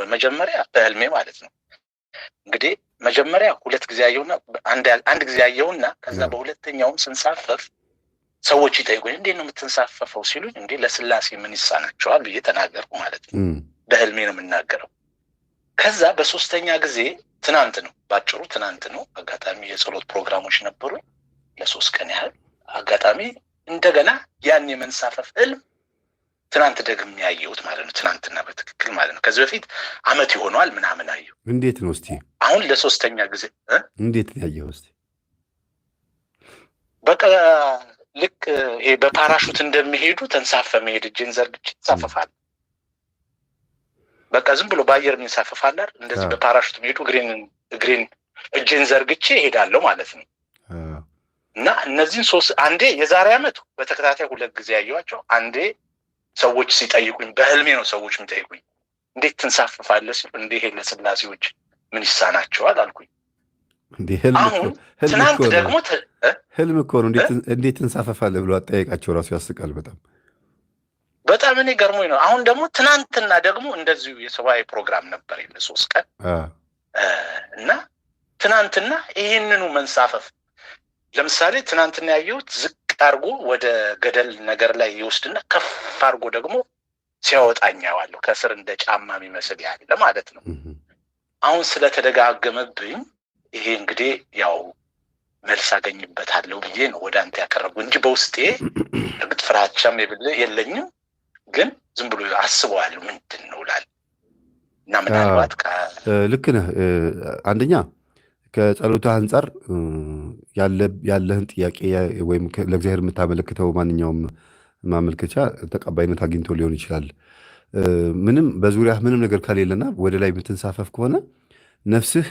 ወይ መጀመሪያ በህልሜ ማለት ነው እንግዲህ መጀመሪያ ሁለት ጊዜ ያየውና አንድ ጊዜ ያየውና ከዛ በሁለተኛውም ስንሳፈፍ ሰዎች ይጠይቁኝ እንዴት ነው የምትንሳፈፈው ሲሉኝ እንዴ ለስላሴ ምን ይሳናቸዋል ብዬ ተናገርኩ ማለት ነው። በህልሜ ነው የምናገረው። ከዛ በሶስተኛ ጊዜ ትናንት ነው ባጭሩ ትናንት ነው አጋጣሚ የጸሎት ፕሮግራሞች ነበሩኝ ለሶስት ቀን ያህል አጋጣሚ እንደገና ያን የመንሳፈፍ ህልም ትናንት ደግም ያየሁት ማለት ነው። ትናንትና በትክክል ማለት ነው። ከዚህ በፊት አመት ይሆነዋል ምናምን አየሁ። እንዴት ነው እስቲ አሁን ለሶስተኛ ጊዜ እንዴት ነው ያየኸው? እስቲ በቃ ልክ ይሄ በፓራሹት እንደሚሄዱ ተንሳፈ መሄድ እጅን ዘርግቼ ይንሳፈፋል። በቃ ዝም ብሎ በአየር የሚንሳፈፋል እንደዚህ በፓራሹት መሄዱ እግሬን እግሬን እጅን ዘርግቼ እሄዳለሁ ማለት ነው። እና እነዚህን ሶስት አንዴ የዛሬ አመት በተከታታይ ሁለት ጊዜ ያየኋቸው አንዴ ሰዎች ሲጠይቁኝ በህልሜ ነው ሰዎች የሚጠይቁኝ እንዴት ትንሳፍፋለ ሲሉ እንዲህ ሄለ ስላሴዎች ምን ይሳናቸዋል አልኩኝ ትናንት ደግሞ ህልም እኮ ነው እንዴት ትንሳፈፋለህ ብሎ አጠያየቃቸው ራሱ ያስቃል በጣም በጣም እኔ ገርሞኝ ነው አሁን ደግሞ ትናንትና ደግሞ እንደዚሁ የሰብአዊ ፕሮግራም ነበር የለ ሶስት ቀን እና ትናንትና ይህንኑ መንሳፈፍ ለምሳሌ ትናንትና ያየሁት ዝቅ ዝቅ አርጎ ወደ ገደል ነገር ላይ ይወስድና ከፍ አርጎ ደግሞ ሲያወጣኛዋለሁ ከስር እንደ ጫማ የሚመስል ያለ ማለት ነው። አሁን ስለተደጋገመብኝ ይሄ እንግዲህ ያው መልስ አገኝበታለሁ ብዬ ነው ወደ አንተ ያቀረቡ እንጂ በውስጤ እርግጥ ፍራቻም የብል የለኝም። ግን ዝም ብሎ አስበዋለሁ ምንድን ነው ላል እና ምናልባት ልክ ነህ። አንደኛ ከጸሎታ አንጻር ያለህን ጥያቄ ወይም ለእግዚአብሔር የምታመለክተው ማንኛውም ማመልከቻ ተቀባይነት አግኝቶ ሊሆን ይችላል። ምንም በዙሪያ ምንም ነገር ከሌለና ወደ ላይ የምትንሳፈፍ ከሆነ ነፍስህ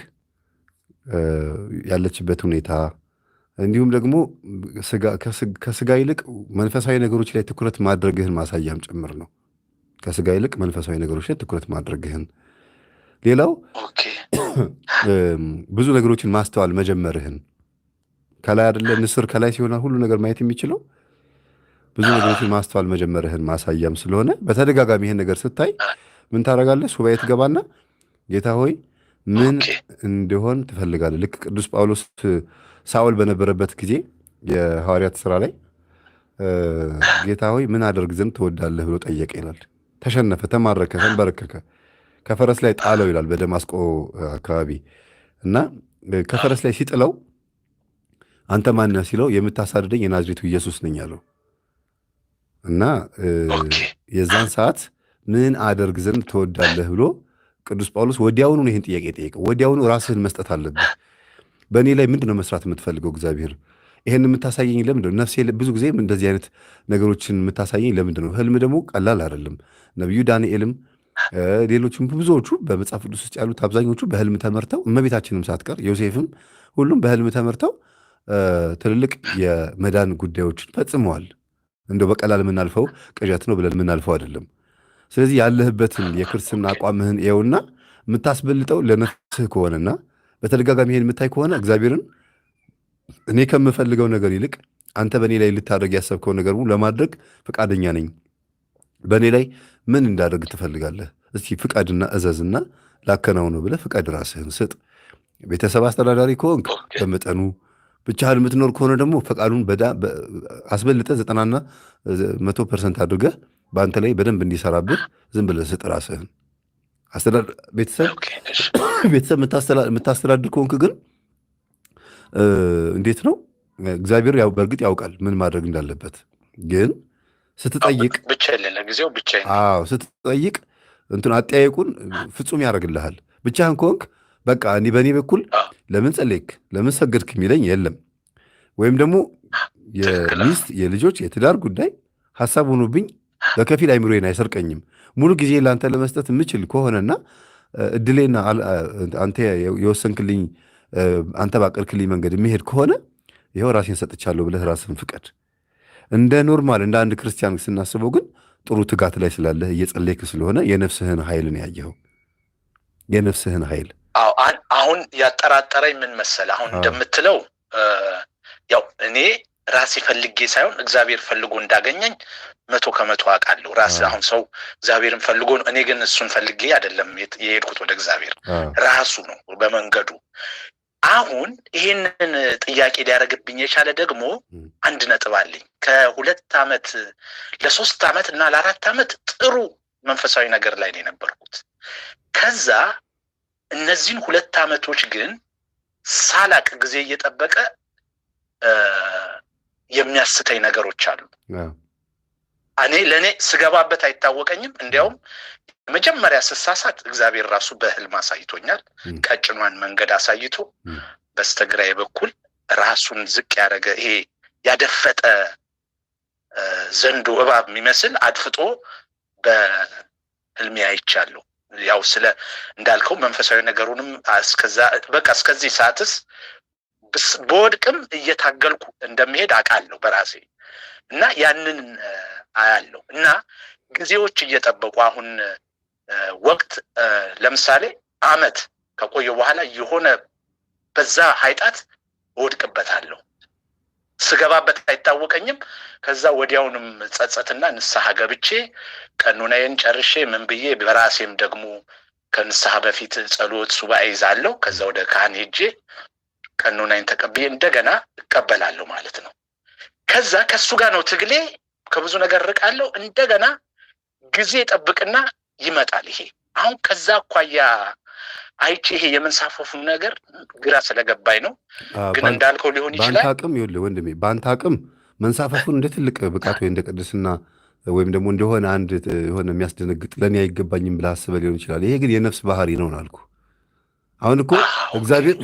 ያለችበት ሁኔታ እንዲሁም ደግሞ ከስጋ ይልቅ መንፈሳዊ ነገሮች ላይ ትኩረት ማድረግህን ማሳያም ጭምር ነው። ከስጋ ይልቅ መንፈሳዊ ነገሮች ላይ ትኩረት ማድረግህን፣ ሌላው ብዙ ነገሮችን ማስተዋል መጀመርህን ከላይ አደለ ንስር ከላይ ሲሆናል ሁሉ ነገር ማየት የሚችለው ብዙ ነገሮችን ማስተዋል መጀመርህን ማሳያም ስለሆነ በተደጋጋሚ ይህን ነገር ስታይ ምን ታደርጋለህ? ሱባኤ ትገባና ጌታ ሆይ ምን እንደሆን ትፈልጋለህ? ልክ ቅዱስ ጳውሎስ ሳውል በነበረበት ጊዜ የሐዋርያት ስራ ላይ ጌታ ሆይ ምን አደርግ ዘንድ ትወዳለህ ብሎ ጠየቀ ይላል። ተሸነፈ፣ ተማረከ፣ ተንበረከከ፣ ከፈረስ ላይ ጣለው ይላል በደማስቆ አካባቢ እና ከፈረስ ላይ ሲጥለው አንተ ማነህ ሲለው የምታሳድደኝ የናዝሬቱ ኢየሱስ ነኝ አለው እና የዛን ሰዓት ምን አደርግ ዘንድ ትወዳለህ ብሎ ቅዱስ ጳውሎስ ወዲያውኑ ይህን ጥያቄ ጠየቀው። ወዲያውኑ ራስህን መስጠት አለብህ። በእኔ ላይ ምንድነው መስራት የምትፈልገው እግዚአብሔር? ይህን የምታሳየኝ ለምንድነው? ነፍሴ ብዙ ጊዜ እንደዚህ አይነት ነገሮችን የምታሳየኝ ለምንድነው ነው? ህልም ደግሞ ቀላል አይደለም። ነቢዩ ዳንኤልም ሌሎችም ብዙዎቹ በመጽሐፍ ቅዱስ ውስጥ ያሉት አብዛኞቹ በህልም ተመርተው እመቤታችንም ሳትቀር ዮሴፍም ሁሉም በህልም ተመርተው ትልልቅ የመዳን ጉዳዮችን ፈጽመዋል። እንደው በቀላል የምናልፈው ቅዠት ነው ብለን የምናልፈው አይደለም። ስለዚህ ያለህበትን የክርስትና አቋምህን ይኸውና የምታስበልጠው ለነፍስህ ከሆነና በተደጋጋሚ ይሄን የምታይ ከሆነ እግዚአብሔርን እኔ ከምፈልገው ነገር ይልቅ አንተ በእኔ ላይ ልታደርግ ያሰብከውን ነገር ለማድረግ ፈቃደኛ ነኝ። በእኔ ላይ ምን እንዳደርግ ትፈልጋለህ? እስቲ ፍቃድና እዘዝና ላከናውነው ብለህ ፍቃድ ራስህን ስጥ። ቤተሰብ አስተዳዳሪ ከሆንክ በመጠኑ ብቻህን የምትኖር ከሆነ ደግሞ ፈቃዱን አስበልጠ ዘጠናና መቶ ፐርሰንት አድርገህ በአንተ ላይ በደንብ እንዲሰራብህ ዝም ብለህ ስጥ ራስህን። ቤተሰብ የምታስተዳድር ከሆንክ ግን እንዴት ነው እግዚአብሔር በእርግጥ ያውቃል ምን ማድረግ እንዳለበት። ግን ስትጠይቅ ስትጠይቅ እንትን አጠያየቁን ፍጹም ያደርግልሃል። ብቻህን ከሆንክ በቃ እኔ በእኔ በኩል ለምን ጸለይክ ለምን ሰገድክ የሚለኝ የለም። ወይም ደግሞ የሚስት የልጆች የትዳር ጉዳይ ሀሳብ ሆኖብኝ በከፊል አይምሮዬን አይሰርቀኝም። ሙሉ ጊዜ ለአንተ ለመስጠት የምችል ከሆነና እድሌና አንተ የወሰንክልኝ አንተ ባቀድክልኝ መንገድ የሚሄድ ከሆነ ይኸው ራሴን ሰጥቻለሁ ብለህ ራስን ፍቀድ። እንደ ኖርማል እንደ አንድ ክርስቲያን ስናስበው ግን ጥሩ ትጋት ላይ ስላለህ እየጸለይክ ስለሆነ የነፍስህን ኃይል ያየኸው፣ የነፍስህን ኃይል አሁን ያጠራጠረኝ ምን መሰለ፣ አሁን እንደምትለው ያው እኔ ራሴ ፈልጌ ሳይሆን እግዚአብሔር ፈልጎ እንዳገኘኝ መቶ ከመቶ አውቃለሁ። ራስ አሁን ሰው እግዚአብሔርን ፈልጎ ነው። እኔ ግን እሱን ፈልጌ አይደለም የሄድኩት ወደ እግዚአብሔር፣ ራሱ ነው በመንገዱ። አሁን ይህንን ጥያቄ ሊያደርግብኝ የቻለ ደግሞ አንድ ነጥብ አለኝ። ከሁለት ዓመት ለሶስት ዓመት እና ለአራት ዓመት ጥሩ መንፈሳዊ ነገር ላይ ነው የነበርኩት። ከዛ እነዚህን ሁለት ዓመቶች ግን ሳላቅ ጊዜ እየጠበቀ የሚያስተኝ ነገሮች አሉ። እኔ ለእኔ ስገባበት አይታወቀኝም። እንዲያውም መጀመሪያ ስሳሳት እግዚአብሔር ራሱ በህልም አሳይቶኛል። ቀጭኗን መንገድ አሳይቶ በስተግራይ በኩል ራሱን ዝቅ ያደረገ ይሄ ያደፈጠ ዘንዶ እባብ የሚመስል አድፍጦ በሕልሜ አይቻለሁ። ያው ስለ እንዳልከው መንፈሳዊ ነገሩንም እስከዛ በቃ እስከዚህ ሰዓትስ በወድቅም እየታገልኩ እንደሚሄድ አውቃለሁ በራሴ እና ያንን አያለው እና ጊዜዎች እየጠበቁ አሁን ወቅት ለምሳሌ አመት ከቆየ በኋላ የሆነ በዛ ሀይጣት እወድቅበታለሁ ስገባበት አይታወቀኝም። ከዛ ወዲያውንም ጸጸትና ንስሐ ገብቼ ቀኑናዬን ጨርሼ ምን ብዬ በራሴም ደግሞ ከንስሐ በፊት ጸሎት ሱባኤ ይዛለሁ። ከዛ ወደ ካህን ሄጄ ቀኑናዬን ተቀብዬ እንደገና እቀበላለሁ ማለት ነው። ከዛ ከሱ ጋር ነው ትግሌ። ከብዙ ነገር ርቃለሁ። እንደገና ጊዜ ጠብቅና ይመጣል። ይሄ አሁን ከዛ አኳያ አይቼ ይሄ የመንሳፈፉ ነገር ግራ ስለገባኝ ነው። ግን እንዳልከው ሊሆን ይችላል። በአንተ አቅም ይኸውልህ ወንድሜ፣ በአንተ አቅም መንሳፈፉን እንደ ትልቅ ብቃት ወይ እንደ ቅድስና ወይም ደግሞ እንደሆነ አንድ የሆነ የሚያስደነግጥ ለእኔ አይገባኝም ብለህ አስበህ ሊሆን ይችላል። ይሄ ግን የነፍስ ባህሪ ነው አልኩ። አሁን እኮ እግዚአብሔር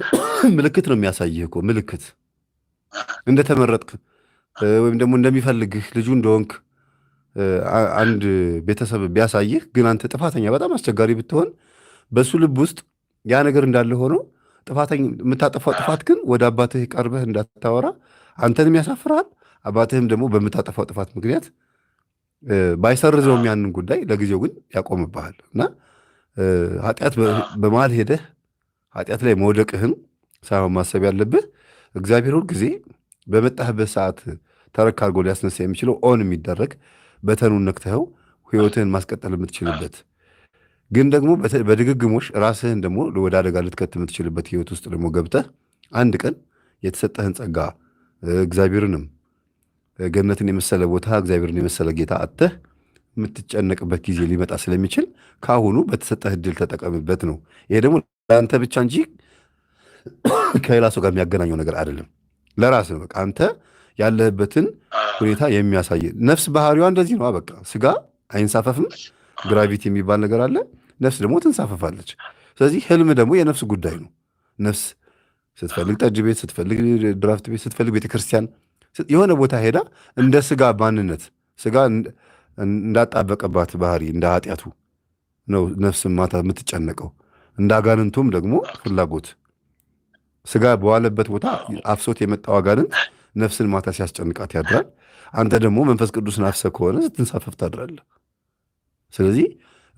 ምልክት ነው የሚያሳይህ እኮ ምልክት እንደተመረጥክ ወይም ደግሞ እንደሚፈልግህ ልጁ እንደሆንክ አንድ ቤተሰብ ቢያሳይህ፣ ግን አንተ ጥፋተኛ በጣም አስቸጋሪ ብትሆን በእሱ ልብ ውስጥ ያ ነገር እንዳለ ሆኖ የምታጠፋው ጥፋት ግን ወደ አባትህ ቀርበህ እንዳታወራ አንተንም ያሳፍርሃል። አባትህም ደግሞ በምታጠፋው ጥፋት ምክንያት ባይሰርዘውም ያንን ጉዳይ ለጊዜው ግን ያቆምብሃል እና ኃጢአት በመሃል ሄደህ ኃጢአት ላይ መውደቅህን ሳይሆን ማሰብ ያለብህ እግዚአብሔር ጊዜ በመጣህበት ሰዓት ተረካ አድርጎ ሊያስነሳ የሚችለው ኦን የሚደረግ በተኑን ነክተኸው ህይወትህን ማስቀጠል የምትችልበት ግን ደግሞ በድግግሞሽ ራስህን ደግሞ ወደ አደጋ ልትከት የምትችልበት ህይወት ውስጥ ደግሞ ገብተህ አንድ ቀን የተሰጠህን ጸጋ እግዚአብሔርንም ገነትን የመሰለ ቦታ እግዚአብሔርን የመሰለ ጌታ አተህ የምትጨነቅበት ጊዜ ሊመጣ ስለሚችል ከአሁኑ በተሰጠህ እድል ተጠቀምበት ነው። ይሄ ደግሞ ለአንተ ብቻ እንጂ ከሌላ ሰው ጋር የሚያገናኘው ነገር አይደለም። ለራስ ነው። በቃ አንተ ያለህበትን ሁኔታ የሚያሳይ ነፍስ ባህሪዋ እንደዚህ ነው። በቃ ስጋ አይንሳፈፍም። ግራቪቲ የሚባል ነገር አለ። ነፍስ ደግሞ ትንሳፈፋለች። ስለዚህ ህልም ደግሞ የነፍስ ጉዳይ ነው። ነፍስ ስትፈልግ ጠጅ ቤት፣ ስትፈልግ ድራፍት ቤት፣ ስትፈልግ ቤተክርስቲያን፣ የሆነ ቦታ ሄዳ እንደ ስጋ ማንነት ስጋ እንዳጣበቀባት ባህሪ እንደ ኃጢአቱ ነው ነፍስ ማታ የምትጨነቀው። እንደ አጋንንቱም ደግሞ ፍላጎት ስጋ በዋለበት ቦታ አፍሶት የመጣው አጋንንት ነፍስን ማታ ሲያስጨንቃት ያድራል። አንተ ደግሞ መንፈስ ቅዱስን አፍሰ ከሆነ ስትንሳፈፍ ታድራለህ። ስለዚህ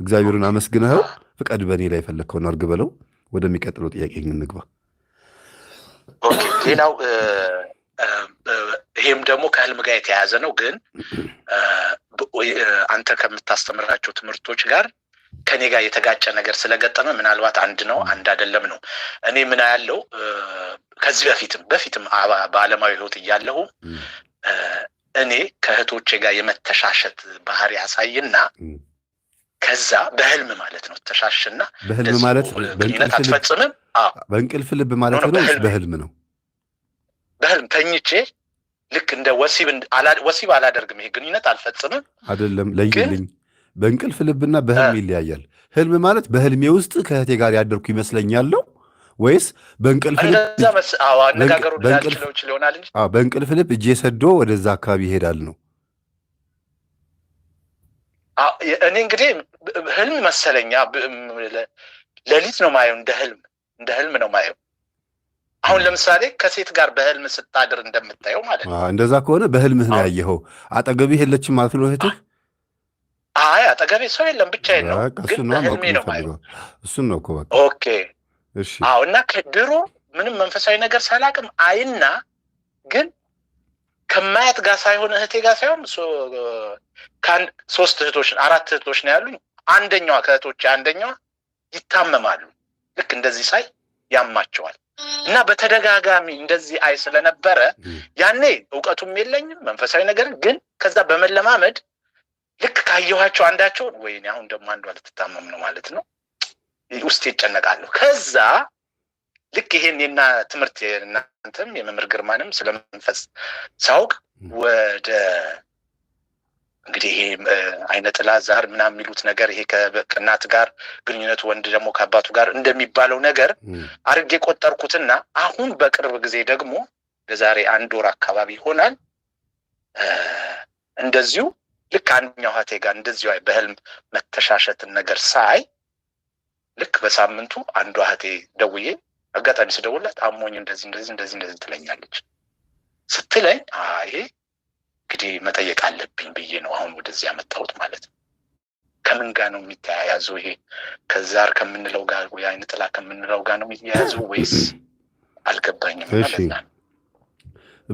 እግዚአብሔርን አመስግነኸው ፍቃድ በእኔ ላይ የፈለግከውን አድርግ በለው። ወደሚቀጥለው ጥያቄ እንግባ። ሌላው ይሄም ደግሞ ከህልም ጋር የተያያዘ ነው፣ ግን አንተ ከምታስተምራቸው ትምህርቶች ጋር ከኔ ጋር የተጋጨ ነገር ስለገጠመ ምናልባት አንድ ነው አንድ አይደለም ነው። እኔ ምን ያለው ከዚህ በፊትም በፊትም በዓለማዊ ህይወት እያለሁ እኔ ከእህቶቼ ጋር የመተሻሸት ባህሪ ያሳይና ከዛ በህልም ማለት ነው። ተሻሽና በህልም ማለት ግንኙነት አትፈጽምም። በእንቅልፍ ልብ ማለት ነው። በህልም ነው። በህልም ተኝቼ ልክ እንደ ወሲብ አላደርግም። ይሄ ግንኙነት አልፈጽምም አይደለም፣ ለይልኝ። በእንቅልፍ ልብና በህልም ይለያያል። ህልም ማለት በህልሜ ውስጥ ከእህቴ ጋር ያደርኩ ይመስለኛለው ይመስለኛል ነው ወይስ በእንቅልፍ ልብ እጄ ሰዶ ወደዛ አካባቢ ይሄዳል ነው? እኔ እንግዲህ ህልም መሰለኛ ሌሊት ነው ማየው፣ እንደ ህልም እንደ ህልም ነው ማየው። አሁን ለምሳሌ ከሴት ጋር በህልም ስታድር እንደምታየው ማለት ነው። እንደዛ ከሆነ በህልምህ ነው ያየኸው። አጠገቢ የለችም ማለት ነው እህትህ? አይ አጠገቤ ሰው የለም፣ ብቻዬን ነው። ግን በህልሜ ነው ማየው። እሱን ነው እኮ በቃ። ኦኬ እሺ። አዎ እና ከድሮ ምንም መንፈሳዊ ነገር ሳላቅም አይና ግን ከማያት ጋር ሳይሆን እህቴ ጋር ሳይሆን ከአንድ ሶስት እህቶች አራት እህቶች ነው ያሉኝ። አንደኛዋ ከእህቶች አንደኛዋ ይታመማሉ። ልክ እንደዚህ ሳይ ያማቸዋል እና በተደጋጋሚ እንደዚህ አይ ስለነበረ ያኔ እውቀቱም የለኝም መንፈሳዊ ነገር ግን ከዛ በመለማመድ ልክ ካየኋቸው አንዳቸውን ወይኔ አሁን ደግሞ አንዷ ልትታመም ነው ማለት ነው ውስጥ ይጨነቃለሁ። ከዛ ልክ ይሄን የና ትምህርት እናንተም የመምህር ግርማንም ስለመንፈስ ሳውቅ ወደ እንግዲህ ይሄ አይነ ጥላ ዛር የሚሉት ነገር ይሄ ከእናት ጋር ግንኙነቱ ወንድ ደግሞ ከአባቱ ጋር እንደሚባለው ነገር አድርጌ የቆጠርኩትና አሁን በቅርብ ጊዜ ደግሞ ለዛሬ አንድ ወር አካባቢ ይሆናል እንደዚሁ ልክ አንደኛው ሀቴ ጋር እንደዚሁ በህልም መተሻሸትን ነገር ሳይ ልክ በሳምንቱ አንዷ ሀቴ ደውዬ አጋጣሚ ስደውላት አሞኝ እንደዚህ እንደዚህ እንደዚህ እንደዚህ ትለኛለች ስትለኝ አይ እንግዲህ መጠየቅ አለብኝ ብዬ ነው አሁን ወደዚህ ያመጣሁት ማለት ነው። ከምን ጋር ነው የሚተያያዘው? ይሄ ከዛር ከምንለው ጋር ወይ አይነ ጥላ ከምንለው ጋር ነው የሚተያያዘው ወይስ አልገባኝም ማለት ነው።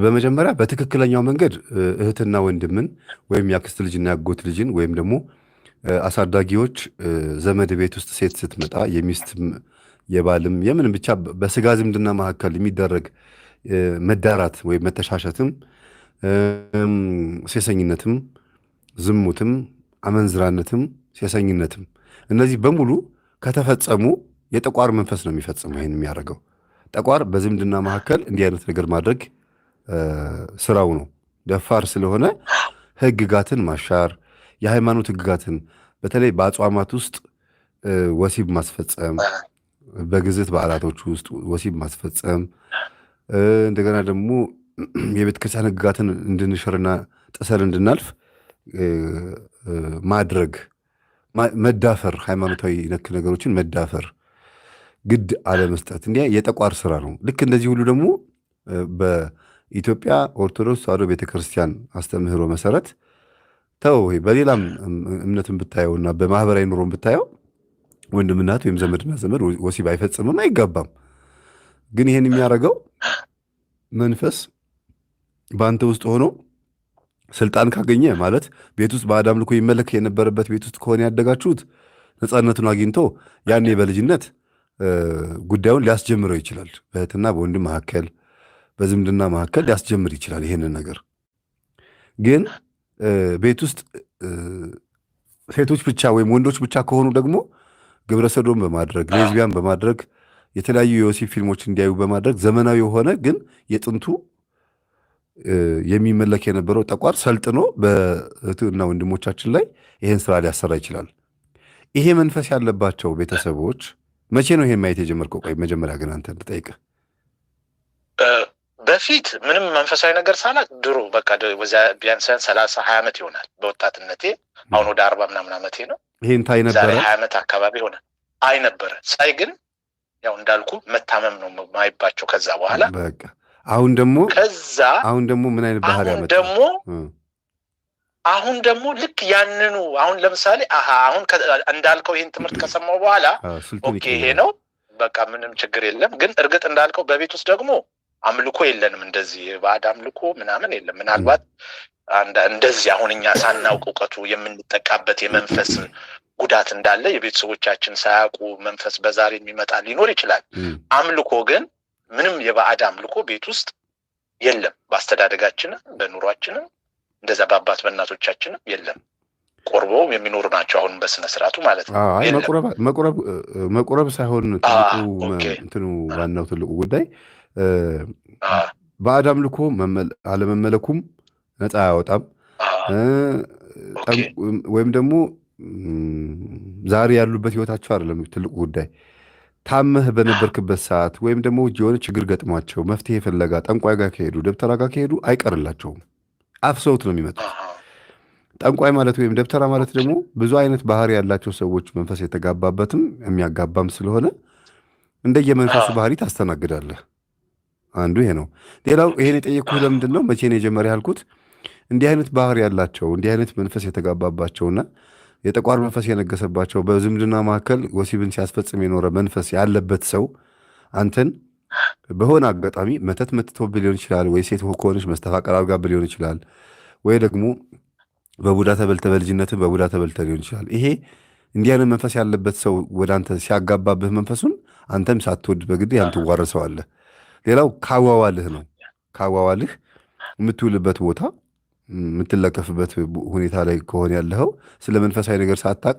በመጀመሪያ በትክክለኛው መንገድ እህትና ወንድምን ወይም የአክስት ልጅና ያጎት ልጅን ወይም ደግሞ አሳዳጊዎች ዘመድ ቤት ውስጥ ሴት ስትመጣ የሚስት የባልም የምንም ብቻ በስጋ ዝምድና መካከል የሚደረግ መዳራት ወይም መተሻሸትም ሴሰኝነትም ዝሙትም አመንዝራነትም ሴሰኝነትም እነዚህ በሙሉ ከተፈጸሙ የጠቋር መንፈስ ነው የሚፈጽመው። ይህን የሚያደርገው ጠቋር በዝምድና መካከል እንዲህ አይነት ነገር ማድረግ ስራው ነው። ደፋር ስለሆነ ህግጋትን ማሻር፣ የሃይማኖት ህግጋትን በተለይ በአጽዋማት ውስጥ ወሲብ ማስፈጸም በግዝት በዓላቶች ውስጥ ወሲብ ማስፈጸም እንደገና ደግሞ የቤተክርስቲያን ህግጋትን እንድንሽርና ጥሰን እንድናልፍ ማድረግ መዳፈር፣ ሃይማኖታዊ ነክ ነገሮችን መዳፈር፣ ግድ አለመስጠት እንዲ የጠቋር ስራ ነው። ልክ እንደዚህ ሁሉ ደግሞ በኢትዮጵያ ኦርቶዶክስ ተዋህዶ ቤተክርስቲያን አስተምህሮ መሰረት ተው በሌላም እምነትን ብታየውና በማህበራዊ ኑሮን ብታየው ወንድምናት ወይም ዘመድና ዘመድ ወሲብ አይፈጽምም፣ አይጋባም። ግን ይሄን የሚያደርገው መንፈስ በአንተ ውስጥ ሆኖ ስልጣን ካገኘ ማለት ቤት ውስጥ በአዳም ልኮ ይመለክ የነበረበት ቤት ውስጥ ከሆነ ያደጋችሁት ነፃነቱን አግኝቶ ያኔ በልጅነት ጉዳዩን ሊያስጀምረው ይችላል። በእህትና በወንድም መካከል፣ በዝምድና መካከል ሊያስጀምር ይችላል። ይህንን ነገር ግን ቤት ውስጥ ሴቶች ብቻ ወይም ወንዶች ብቻ ከሆኑ ደግሞ ግብረሰዶም በማድረግ ሌዝቢያን በማድረግ የተለያዩ የወሲብ ፊልሞች እንዲያዩ በማድረግ ዘመናዊ የሆነ ግን የጥንቱ የሚመለክ የነበረው ጠቋር ሰልጥኖ በእህትና ወንድሞቻችን ላይ ይህን ስራ ሊያሰራ ይችላል። ይሄ መንፈስ ያለባቸው ቤተሰቦች መቼ ነው ይሄን ማየት የጀመርከው? ቆይ መጀመሪያ ግን አንተ ልጠይቅህ። በፊት ምንም መንፈሳዊ ነገር ሳላቅ ድሮ በቃ ቢያንስ ሰላሳ ሀያ ዓመት ይሆናል በወጣትነቴ። አሁን ወደ አርባ ምናምን ዓመቴ ነው ይህን ታይ ነበረ። ዛሬ ሀያ ዓመት አካባቢ ሆነ አይ ነበረ ሳይ ግን ያው እንዳልኩ መታመም ነው ማይባቸው። ከዛ በኋላ በቃ አሁን ደግሞ ከዛ አሁን ደግሞ ምን አይነት ባህሪ ያመጣ ደግሞ አሁን ደግሞ ልክ ያንኑ አሁን ለምሳሌ አሀ አሁን እንዳልከው ይህን ትምህርት ከሰማው በኋላ ኦኬ ይሄ ነው በቃ ምንም ችግር የለም። ግን እርግጥ እንዳልከው በቤት ውስጥ ደግሞ አምልኮ የለንም፣ እንደዚህ ባዕድ አምልኮ ምናምን የለም። ምናልባት እንደዚህ አሁን እኛ ሳናውቅ እውቀቱ የምንጠቃበት የመንፈስ ጉዳት እንዳለ የቤተሰቦቻችን ሳያውቁ መንፈስ በዛሬ የሚመጣ ሊኖር ይችላል። አምልኮ ግን ምንም የባዕድ አምልኮ ቤት ውስጥ የለም። በአስተዳደጋችንም በኑሯችንም እንደዛ በአባት በእናቶቻችንም የለም። ቆርበው የሚኖሩ ናቸው። አሁን በስነ ማለት ነው። መቁረብ ሳይሆን እንትኑ ዋናው ትልቁ ጉዳይ ባዕድ አምልኮ አለመመለኩም ነፃ አያወጣም። ወይም ደግሞ ዛሬ ያሉበት ህይወታቸው አይደለም ትልቁ ጉዳይ። ታመህ በነበርክበት ሰዓት ወይም ደግሞ የሆነ ችግር ገጥሟቸው መፍትሄ ፍለጋ ጠንቋይ ጋር ከሄዱ ደብተራ ጋር ከሄዱ አይቀርላቸውም፣ አፍሰውት ነው የሚመጡት። ጠንቋይ ማለት ወይም ደብተራ ማለት ደግሞ ብዙ አይነት ባህሪ ያላቸው ሰዎች መንፈስ የተጋባበትም የሚያጋባም ስለሆነ እንደየመንፈሱ ባህሪ ታስተናግዳለህ። አንዱ ይሄ ነው። ሌላው ይሄን የጠየቅኩህ ለምንድን ነው መቼ ነው የጀመረ ያልኩት እንዲህ አይነት ባህር ያላቸው እንዲህ አይነት መንፈስ የተጋባባቸውና የጠቋር መንፈስ የነገሰባቸው በዝምድና መካከል ወሲብን ሲያስፈጽም የኖረ መንፈስ ያለበት ሰው አንተን በሆነ አጋጣሚ መተት መትቶ ሊሆን ይችላል፣ ወይ ሴት ከሆነች መስተፋቀር አድርጋብህ ሊሆን ይችላል፣ ወይ ደግሞ በቡዳ ተበልተ በልጅነትን በቡዳ ተበልተ ሊሆን ይችላል። ይሄ እንዲህ አይነት መንፈስ ያለበት ሰው ወደ አንተ ሲያጋባብህ መንፈሱን አንተም ሳትወድ በግድ ያን ትዋረሰዋለህ። ሌላው ካዋዋልህ ነው። ካዋዋልህ የምትውልበት ቦታ የምትለከፍበት ሁኔታ ላይ ከሆነ ያለኸው ስለ መንፈሳዊ ነገር ሳታቅ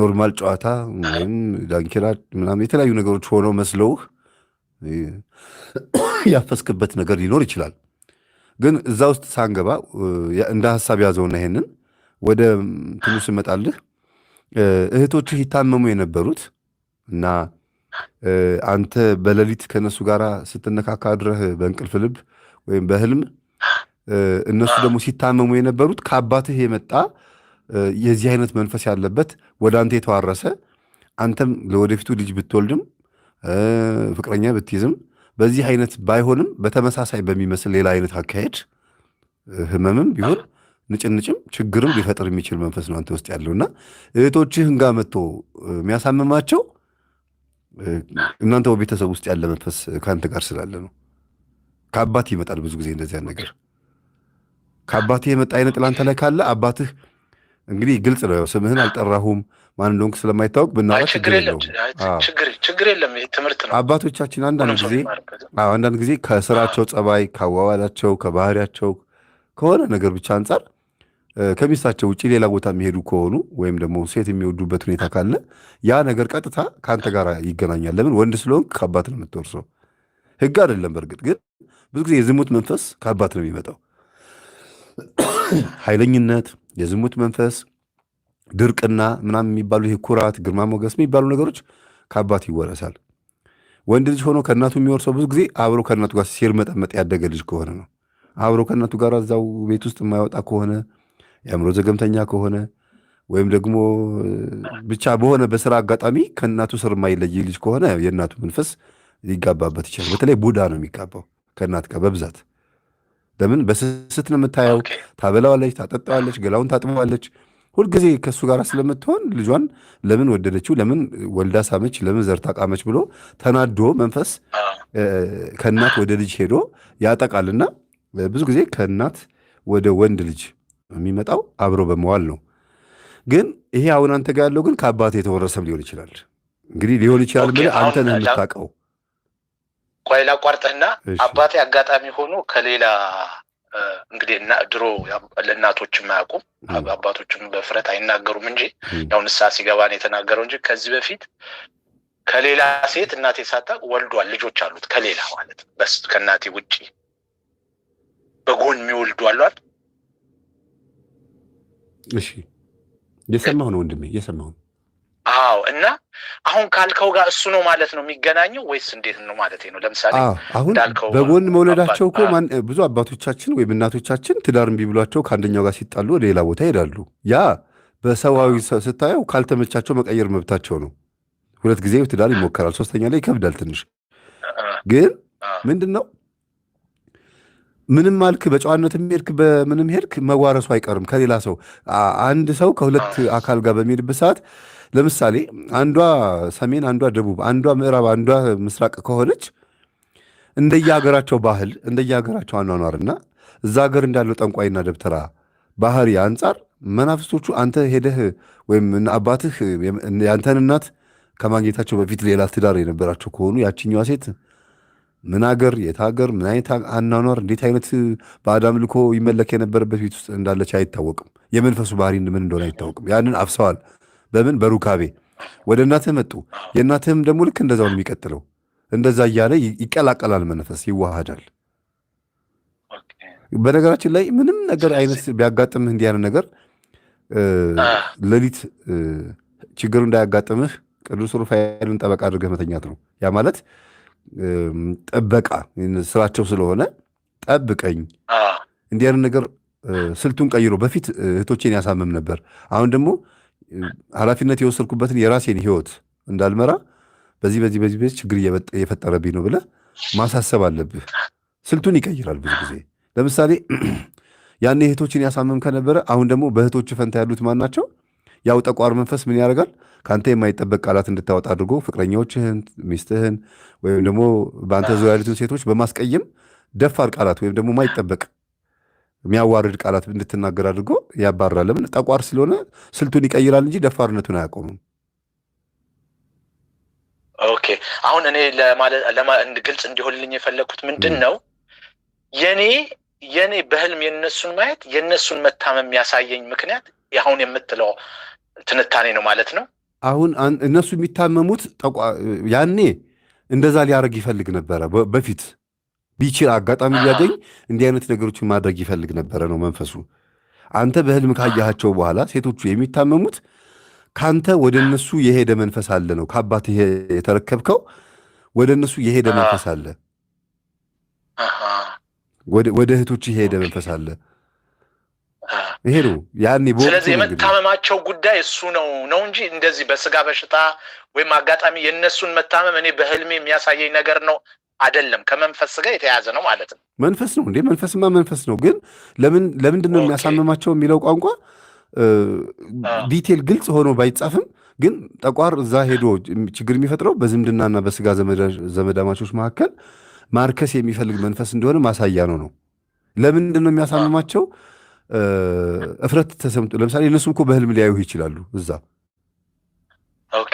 ኖርማል ጨዋታ ወይም ዳንኪራ ምናምን የተለያዩ ነገሮች ሆነው መስለውህ ያፈስክበት ነገር ሊኖር ይችላል። ግን እዛ ውስጥ ሳንገባ እንደ ሀሳብ ያዘውና ይሄንን ወደ ትንሽ ስመጣልህ እህቶችህ ይታመሙ የነበሩት እና አንተ በሌሊት ከነሱ ጋር ስትነካካ አድረህ በእንቅልፍ ልብ ወይም በህልም እነሱ ደግሞ ሲታመሙ የነበሩት ከአባትህ የመጣ የዚህ አይነት መንፈስ ያለበት ወደ አንተ የተዋረሰ አንተም ለወደፊቱ ልጅ ብትወልድም ፍቅረኛ ብትይዝም በዚህ አይነት ባይሆንም በተመሳሳይ በሚመስል ሌላ አይነት አካሄድ ህመምም ቢሆን ንጭንጭም ችግርም ሊፈጥር የሚችል መንፈስ ነው አንተ ውስጥ ያለውና እህቶችህን ጋር መጥቶ የሚያሳምማቸው እናንተ በቤተሰብ ውስጥ ያለ መንፈስ ከአንተ ጋር ስላለ ነው። ከአባት ይመጣል ብዙ ጊዜ እንደዚያን ነገር ከአባትህ የመጣ አይነት ጥላንተ ላይ ካለ አባትህ እንግዲህ ግልጽ ነው። ስምህን አልጠራሁም ማን እንደሆንክ ስለማይታወቅ ብናወራ ችግር ችግር የለም። ትምህርት ነው። አባቶቻችን አንዳንድ ጊዜ አንዳንድ ጊዜ ከስራቸው ጸባይ፣ ከአዋዋላቸው፣ ከባህሪያቸው ከሆነ ነገር ብቻ አንጻር ከሚስታቸው ውጭ ሌላ ቦታ የሚሄዱ ከሆኑ ወይም ደግሞ ሴት የሚወዱበት ሁኔታ ካለ ያ ነገር ቀጥታ ከአንተ ጋር ይገናኛል። ለምን ወንድ ስለሆንክ ከአባት ነው የምትወርሰው። ህግ አይደለም። በእርግጥ ግን ብዙ ጊዜ የዝሙት መንፈስ ከአባት ነው የሚመጣው። ኃይለኝነት፣ የዝሙት መንፈስ፣ ድርቅና ምናምን የሚባሉ ይሄ ኩራት፣ ግርማ ሞገስ የሚባሉ ነገሮች ከአባት ይወረሳል። ወንድ ልጅ ሆኖ ከእናቱ የሚወርሰው ብዙ ጊዜ አብሮ ከእናቱ ጋር መጠመጥ ያደገ ልጅ ከሆነ ነው። አብሮ ከእናቱ ጋር እዛው ቤት ውስጥ የማይወጣ ከሆነ የአእምሮ ዘገምተኛ ከሆነ ወይም ደግሞ ብቻ በሆነ በስራ አጋጣሚ ከእናቱ ስር የማይለይ ልጅ ከሆነ የእናቱ መንፈስ ሊጋባበት ይችላል። በተለይ ቡዳ ነው የሚጋባው ከእናት ጋር በብዛት ለምን በስስት ነው የምታየው። ታበላዋለች፣ ታጠጣዋለች፣ ገላውን ታጥበዋለች። ሁልጊዜ ከእሱ ጋር ስለምትሆን ልጇን ለምን ወደደችው፣ ለምን ወልዳ ሳመች፣ ለምን ዘርታ ብሎ ተናዶ መንፈስ ከእናት ወደ ልጅ ሄዶ ያጠቃልና ብዙ ጊዜ ከእናት ወደ ወንድ ልጅ የሚመጣው አብሮ በመዋል ነው። ግን ይሄ አሁን አንተ ጋር ያለው ግን ከአባት የተወረሰም ሊሆን ይችላል። እንግዲህ ሊሆን ይችላል ብለህ አንተ ነህ የምታውቀው። ቆይ ላቋርጥህና አባቴ አጋጣሚ ሆኖ ከሌላ እንግዲህ ድሮ ለእናቶችም አያውቁም አባቶችም በፍረት አይናገሩም እንጂ ያው ንስሐ ሲገባ ነው የተናገረው እንጂ ከዚህ በፊት ከሌላ ሴት እናቴ ሳታውቅ ወልዷል። ልጆች አሉት ከሌላ ማለት በስ ከእናቴ ውጭ በጎን የሚወልዱ አሏል። እሺ የሰማሁ ነው ወንድሜ የሰማሁ ነው። አዎ እና አሁን ካልከው ጋር እሱ ነው ማለት ነው የሚገናኘው ወይስ እንዴት ነው ማለት ነው? ለምሳሌ አሁን በጎን መውለዳቸው እኮ ብዙ አባቶቻችን ወይም እናቶቻችን ትዳር እምቢ ብሏቸው ከአንደኛው ጋር ሲጣሉ ወደ ሌላ ቦታ ይሄዳሉ። ያ በሰብአዊ ስታየው ካልተመቻቸው መቀየር መብታቸው ነው። ሁለት ጊዜ ትዳር ይሞከራል፣ ሶስተኛ ላይ ይከብዳል ትንሽ። ግን ምንድን ነው ምንም አልክ በጨዋነት ሄድክ በምንም ሄድክ መዋረሱ አይቀርም ከሌላ ሰው። አንድ ሰው ከሁለት አካል ጋር በሚሄድበት ሰዓት ለምሳሌ አንዷ ሰሜን፣ አንዷ ደቡብ፣ አንዷ ምዕራብ፣ አንዷ ምስራቅ ከሆነች እንደየሀገራቸው ባህል እንደየሀገራቸው አኗኗርና እዛ ሀገር እንዳለው ጠንቋይና ደብተራ ባህሪ አንጻር መናፍስቶቹ አንተ ሄደህ ወይም አባትህ ያንተን እናት ከማግኘታቸው በፊት ሌላ ትዳር የነበራቸው ከሆኑ ያችኛዋ ሴት ምን ሀገር የት ሀገር ምን አይነት አኗኗር እንዴት አይነት በአዳም ልኮ ይመለክ የነበረበት ቤት ውስጥ እንዳለች አይታወቅም። የመንፈሱ ባህሪ ምን እንደሆነ አይታወቅም። ያንን አፍሰዋል። በምን በሩካቤ ወደ እናትህ መጡ። የእናትህም ደግሞ ልክ እንደዛው ነው የሚቀጥለው። እንደዛ እያለ ይቀላቀላል፣ መንፈስ ይዋሃዳል። በነገራችን ላይ ምንም ነገር አይነት ቢያጋጥምህ እንዲህ ነገር ሌሊት ችግሩ እንዳያጋጥምህ ቅዱስ ሩፋኤልን ጠበቃ አድርገህ መተኛት ነው። ያ ማለት ጥበቃ ስራቸው ስለሆነ ጠብቀኝ። እንዲያን ነገር ስልቱን ቀይሮ በፊት እህቶቼን ያሳምም ነበር። አሁን ደግሞ ኃላፊነት የወሰድኩበትን የራሴን ህይወት እንዳልመራ በዚህ በዚህ በዚህ በዚህ ችግር እየፈጠረብኝ ነው ብለህ ማሳሰብ አለብህ። ስልቱን ይቀይራል ብዙ ጊዜ። ለምሳሌ ያኔ እህቶችን ያሳምም ከነበረ አሁን ደግሞ በእህቶች ፈንታ ያሉት ማን ናቸው? ያው ጠቋር መንፈስ ምን ያደርጋል? ከአንተ የማይጠበቅ ቃላት እንድታወጣ አድርጎ ፍቅረኛዎችህን፣ ሚስትህን ወይም ደግሞ በአንተ ዙሪያ ያሉትን ሴቶች በማስቀየም ደፋር ቃላት ወይም ደግሞ ማይጠበቅ የሚያዋርድ ቃላት እንድትናገር አድርጎ ያባራል። ለምን ጠቋር ስለሆነ ስልቱን ይቀይራል እንጂ ደፋርነቱን አያቆምም። ኦኬ አሁን እኔ ግልጽ እንዲሆንልኝ የፈለግኩት ምንድን ነው የኔ የኔ በህልም የነሱን ማየት የነሱን መታመም የሚያሳየኝ ምክንያት አሁን የምትለው ትንታኔ ነው ማለት ነው። አሁን እነሱ የሚታመሙት ያኔ እንደዛ ሊያደርግ ይፈልግ ነበረ በፊት ቢችል አጋጣሚ ቢያገኝ እንዲህ አይነት ነገሮችን ማድረግ ይፈልግ ነበረ ነው መንፈሱ። አንተ በህልም ካያቸው በኋላ ሴቶቹ የሚታመሙት ካንተ ወደ እነሱ የሄደ መንፈስ አለ ነው። ከአባት የተረከብከው ወደ እነሱ የሄደ መንፈስ አለ፣ ወደ እህቶች የሄደ መንፈስ አለ። ይሄ ነው ያኔ። ስለዚህ የመታመማቸው ጉዳይ እሱ ነው ነው እንጂ እንደዚህ በስጋ በሽታ ወይም አጋጣሚ የእነሱን መታመም እኔ በህልሜ የሚያሳየኝ ነገር ነው አይደለም ከመንፈስ ጋር የተያያዘ ነው ማለት ነው። መንፈስ ነው እንዴ? መንፈስማ መንፈስ ነው። ግን ለምን ለምንድን ነው የሚያሳምማቸው የሚለው ቋንቋ ዲቴል ግልጽ ሆኖ ባይጻፍም ግን ጠቋር እዛ ሄዶ ችግር የሚፈጥረው በዝምድናና በስጋ ዘመዳማቾች መካከል ማርከስ የሚፈልግ መንፈስ እንደሆነ ማሳያ ነው ነው ለምንድን ነው የሚያሳምማቸው? እፍረት ተሰምቶ ለምሳሌ እነሱም እኮ በህልም ሊያዩ ይችላሉ። እዛ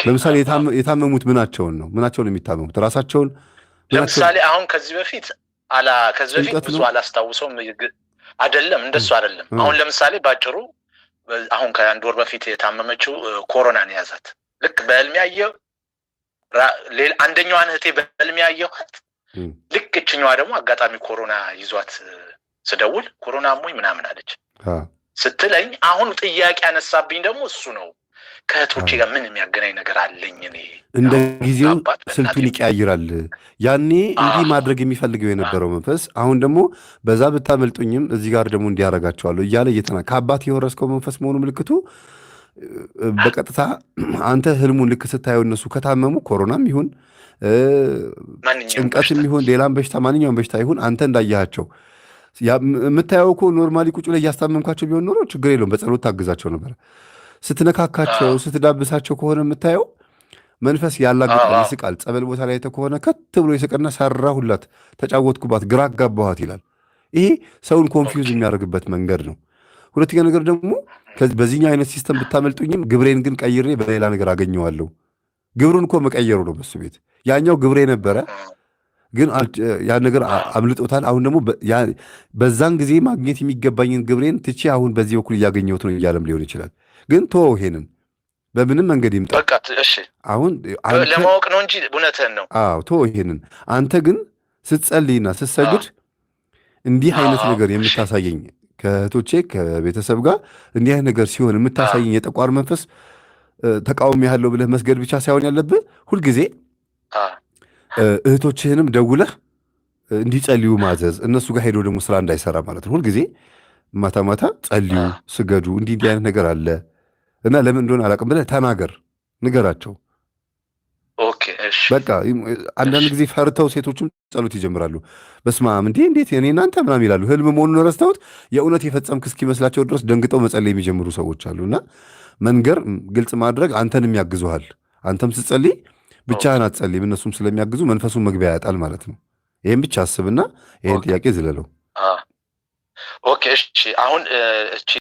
ለምሳሌ የታመሙት ምናቸውን ነው ምናቸውን የሚታመሙት ራሳቸውን ለምሳሌ አሁን ከዚህ በፊት አላ ከዚህ በፊት ብዙ አላስታውሰውም። አይደለም እንደሱ አይደለም። አሁን ለምሳሌ ባጭሩ አሁን ከአንድ ወር በፊት የታመመችው ኮሮናን የያዛት ልክ በህልሜ ያየው አንደኛዋን እህቴ በህልሜ ያየኋት ልክ እችኛዋ ደግሞ አጋጣሚ ኮሮና ይዟት ስደውል ኮሮና ሞኝ ምናምን አለች ስትለኝ አሁን ጥያቄ ያነሳብኝ ደግሞ እሱ ነው። ከእህቶቼ ጋር ምን የሚያገናኝ ነገር አለኝ? እኔ እንደ ጊዜው ስልቱን ይቀያይራል። ያኔ እንዲህ ማድረግ የሚፈልገው የነበረው መንፈስ አሁን ደግሞ በዛ ብታመልጡኝም እዚህ ጋር ደግሞ እንዲያረጋቸዋለሁ እያለ እየተና ከአባት የወረስከው መንፈስ መሆኑ ምልክቱ በቀጥታ አንተ ህልሙን ልክ ስታየው እነሱ ከታመሙ ኮሮናም ይሁን ጭንቀት ይሁን ሌላም በሽታ ማንኛውም በሽታ ይሁን አንተ እንዳያቸው የምታየው እኮ ኖርማሊ ቁጭ ላይ እያስታመምኳቸው ቢሆን ኖሮ ችግር የለውም፣ በጸሎት ታግዛቸው ነበር። ስትነካካቸው ስትዳብሳቸው ከሆነ የምታየው መንፈስ ያላግጣል፣ ይስቃል። ጸበል ቦታ ላይ ከሆነ ከት ብሎ ይስቅና ሰራሁላት፣ ተጫወትኩባት፣ ግራ ጋባኋት ይላል። ይሄ ሰውን ኮንፊውዝ የሚያደርግበት መንገድ ነው። ሁለተኛ ነገር ደግሞ በዚህኛው አይነት ሲስተም ብታመልጡኝም ግብሬን ግን ቀይሬ በሌላ ነገር አገኘዋለሁ። ግብሩን እኮ መቀየሩ ነው በሱ ቤት። ያኛው ግብሬ ነበረ ግን ያን ነገር አምልጦታል። አሁን ደግሞ በዛን ጊዜ ማግኘት የሚገባኝን ግብሬን ትቼ አሁን በዚህ በኩል እያገኘሁት ነው እያለም ሊሆን ይችላል። ግን ተወው ይሄንን በምንም መንገድ ይምጣ በቃ እሺ። አሁን ለማወቅ ነው እንጂ እውነትህን ነው። አዎ ተወው ይሄንን። አንተ ግን ስትጸልይና ስትሰግድ እንዲህ አይነት ነገር የምታሳየኝ ከእህቶቼ ከቤተሰብ ጋር እንዲህ አይነት ነገር ሲሆን የምታሳየኝ የጠቋር መንፈስ ተቃውሞ ያለው ብለህ መስገድ ብቻ ሳይሆን ያለብህ ሁልጊዜ እህቶችህንም ደውለህ እንዲጸልዩ ማዘዝ፣ እነሱ ጋር ሄዶ ደግሞ ስራ እንዳይሰራ ማለት ነው ሁልጊዜ ማታ ማታ ጸልዩ፣ ስገዱ፣ እንዲህ እንዲህ አይነት ነገር አለ እና ለምን እንደሆነ አላውቅም ብለህ ተናገር፣ ንገራቸው። በቃ አንዳንድ ጊዜ ፈርተው ሴቶችም ጸሎት ይጀምራሉ። በስማም እንዲህ እንዴት እኔ እናንተ ምናምን ይላሉ። ህልም መሆኑን ረስተውት የእውነት የፈጸምክ እስኪመስላቸው ድረስ ደንግጠው መጸለይ የሚጀምሩ ሰዎች አሉ። እና መንገር፣ ግልጽ ማድረግ አንተንም ያግዙሃል። አንተም ስትጸልይ ብቻህን አትጸልይም፣ እነሱም ስለሚያግዙ መንፈሱን መግቢያ ያጣል ማለት ነው። ይህም ብቻ አስብና ይህን ጥያቄ ዝለለው። Okay, she, I want, uh, she